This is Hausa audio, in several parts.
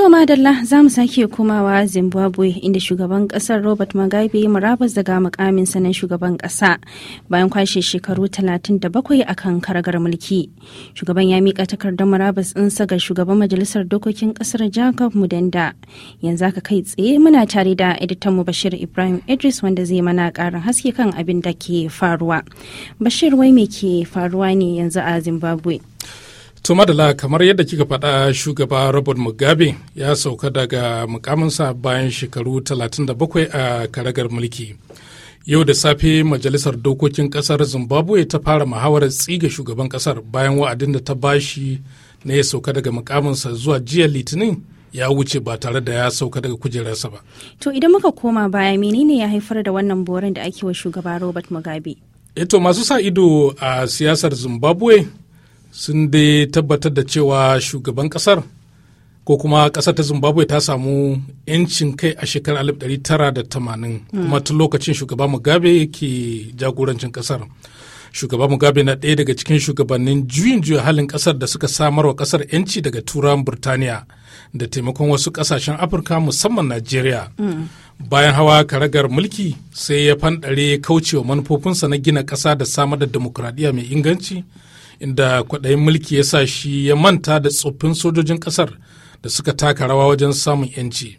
To madalla za mu sake komawa Zimbabwe inda shugaban kasar Robert Mugabe murabas daga mukamin sanan shugaban kasa bayan kwashe shekaru 37 akan karagar mulki. Shugaban ya mika takardar murabas ɗinsa ga shugaban majalisar dokokin kasar Jacob Mudenda. Yanzu aka kai tsaye muna tare da editan mu Bashir Ibrahim Idris wanda zai mana karin haske kan abin da ke faruwa. Bashir wai me ke faruwa ne yanzu a Zimbabwe? To madala kamar yadda kika faɗa shugaba Robert Mugabe ya sauka daga mukaminsa bayan shekaru 37 a karagar mulki. Yau da safe Majalisar Dokokin Ƙasar Zimbabwe ta fara muhawarar tsiga shugaban ƙasar bayan wa'adin da ta bashi na ya sauka daga mukaminsa zuwa jiya Litinin ya wuce ba tare da ya sauka daga kujerarsa ba. To idan muka koma baya menene ya haifar da wannan borin da ake wa shugaba Robert Mugabe? Eto eh masu sa ido a siyasar Zimbabwe sun dai tabbatar da cewa shugaban kasar ko kuma kasar ta zimbabwe ta samu 'yancin kai a shekarar 1980 kuma tun lokacin shugaba mugabe ke jagorancin kasar shugaba mugabe na ɗaya daga cikin shugabannin juyin juya halin kasar da suka samar wa kasar 'yanci daga turan birtaniya da taimakon wasu kasashen afirka musamman najeriya bayan hawa karagar mulki sai ya fanɗare kaucewa manufofinsa na gina ƙasa da samar da demokuraɗiyya mai inganci inda kwaɗayin mulki ya sa shi ya manta da tsoffin sojojin ƙasar da suka taka rawa wajen samun 'yanci.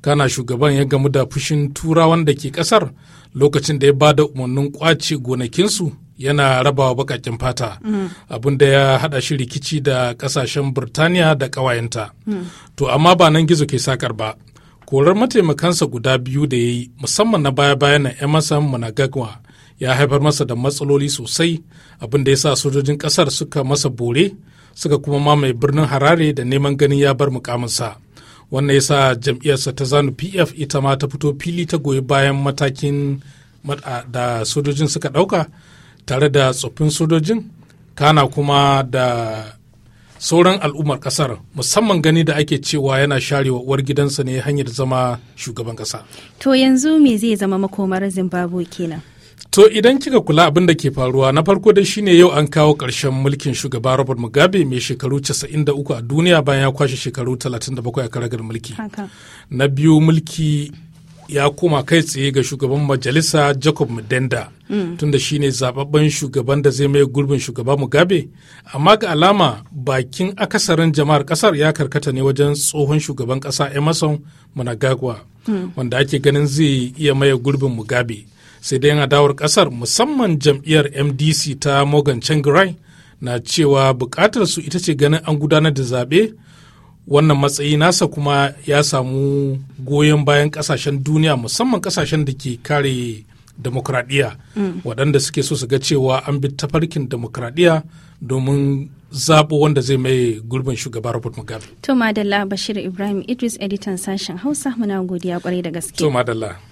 Kana shugaban ya gamu da fushin turawan da ke ƙasar lokacin da ya ba da umarnin ƙwace gonakinsu yana rabawa baƙaƙen fata abin da ya haɗa shi rikici da ƙasashen Burtaniya da ƙawayenta. To amma ba nan gizo ke sakar ba. korar mataimakansa guda biyu da ya yi musamman na baya-bayan na emerson mnangagwa ya haifar masa da matsaloli sosai abin da ya sa sojojin kasar suka masa bore suka kuma mamaye birnin harare da neman ganin ya bar mukaminsa wannan ya sa jam'iyyarsa ta zanu pf ita ma ta fito fili ta goyi bayan matakin da sojojin suka dauka tare da tsoffin sojojin kana kuma da sauran al'ummar kasar musamman gani da ake cewa yana sharewa uwar gidansa ne hanyar zama shugaban kasa. To yanzu me zai zama makomar Zimbabwe kenan? To idan kika kula abin da ke faruwa na farko dai shine yau an kawo ƙarshen mulkin shugaba Robert Mugabe mai shekaru 93 a duniya bayan ya kwashe shekaru 37 a karagar mulki. Na biyu mulki ya koma kai tsaye ga shugaban majalisa Jacob Mudenda mm. tunda shine zababben shugaban da zai mai gurbin shugaba Mugabe amma ga alama bakin akasarin jama'ar kasar ya karkata ne wajen tsohon shugaban ƙasa Emerson Mnangagwa mm. wanda ake ganin zai iya maye gurbin Mugabe. sai dai adawar kasar musamman jam'iyyar mdc ta morgan changirai na cewa bukatar su ita ce ganin an gudanar da zaɓe wannan matsayi nasa kuma ya samu goyon bayan kasashen duniya musamman kasashen da ke kare demokradiyya mm. waɗanda suke so su ga cewa an bi tafarkin demokradiyya domin zaɓo wanda zai mai gurbin shugaba Robert Mugabe. To Madalla Bashir Ibrahim Idris editan sashen Hausa muna godiya kwarai da gaske. To Madalla.